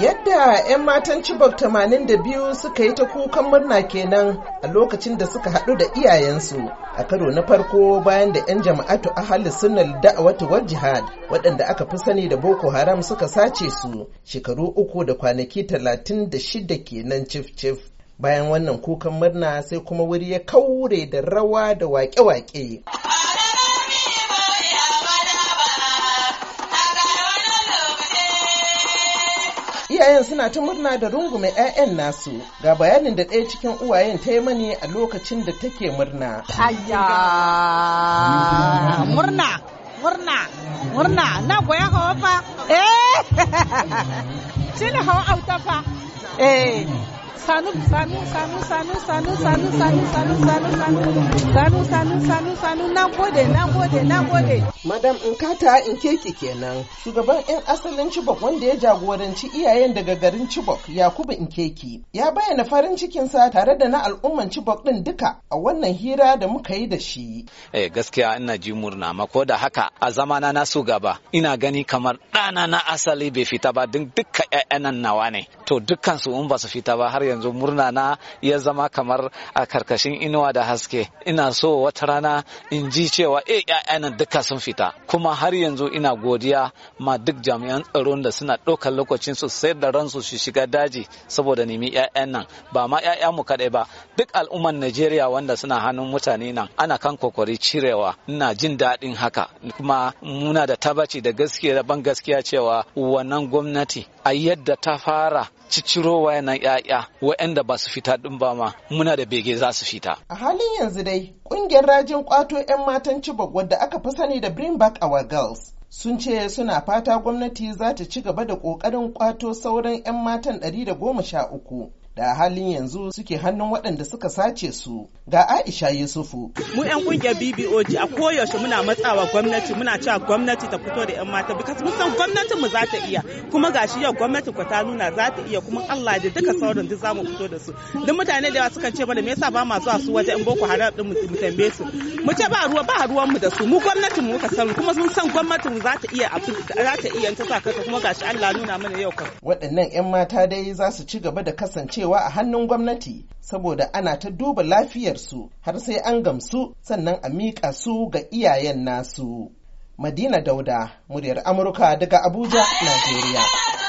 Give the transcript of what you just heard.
Yadda 'yan matan Chibok 82 suka yi ta kukan murna kenan a lokacin da suka haɗu da iyayensu a karo na farko bayan da 'yan jama'atu ahalin sunnal da'awatu wa jihad waɗanda aka fi sani da Boko Haram suka sace su shekaru uku da kwanaki 36 kenan cif-cif. bayan wannan kukan murna sai kuma wuri ya kaure da rawa da wake-wake. iyayen suna ta murna da rungume 'ya'yan nasu ga bayanin da ɗaya cikin uwayen ta yi mani a lokacin da take murna Aya! murna murna murna na goya hawa fa eh shi ne hawa auta fa eh sanu sanu sanu sanu sanu sanu sanu sanu sanu sanu sanu sanu sanu na gode na gode na gode madam nkata inkeki kenan shugaban yan asalin chibok wanda ya jagoranci iyayen daga garin chibok yakubu Nkeki, ya bayyana farin cikinsa tare da na al'umman chibok din duka a wannan hira da muka yi da shi eh gaskiya ina ji murna ma ko da haka a zamana na su gaba ina gani kamar ɗana na asali bai fita ba duk duka ƴaƴan nawa ne to dukkan su in ba su fita ba har yanzu murna na ya zama kamar a karkashin inuwa da haske ina so wata rana in ji cewa e eh, ƴaƴana duka sun fita kuma har yanzu ina godiya ma duk jami'an tsaro da suna ɗaukar lokacin su sayar da ransu su shiga daji saboda nemi ƴaƴan nan ba ma ƴaƴan mu kaɗai ba duk al'umman Najeriya wanda suna hannun mutane nan ana kan kokari cirewa ina jin daɗin haka kuma muna da tabaci da gaskiya da ban gaskiya cewa wannan gwamnati a yadda ta fara ciciro wayannan 'ya'ya waɗanda ba su fita ɗin ba ma muna da bege za su fita. A halin yanzu dai ƙungiyar rajin ƙwato 'yan matan Chibok wadda aka fi sani da Bring Back Our Girls sun ce suna fata gwamnati za ta ci gaba da ƙoƙarin ƙwato sauran 'yan matan 113 da halin yanzu suke hannun waɗanda suka sace su ga aisha yusufu mu yan kungiyar BBOG a koyaushe muna matsawa gwamnati muna cewa gwamnati ta fito da yan mata bikas mun san gwamnatin mu za ta iya kuma gashi yau gwamnati ku ta nuna za ta iya kuma allah da duka sauran duk zamu fito da su duk mutane da yawa sukan ce mana me yasa ba ma zuwa su waje in boko haram din mu tambaye su mu ce ba ruwa ba ruwan mu da su mu gwamnatin mu ka san kuma mun san gwamnatin za ta iya za ta iya ta sa kuma gashi allah nuna mana yau kan waɗannan yan mata dai za su ci gaba da kasance kasancewa a hannun gwamnati saboda ana ta duba lafiyarsu har sai an gamsu sannan a miƙa su ga iyayen nasu. Madina Dauda, muryar Amurka daga Abuja, Najeriya.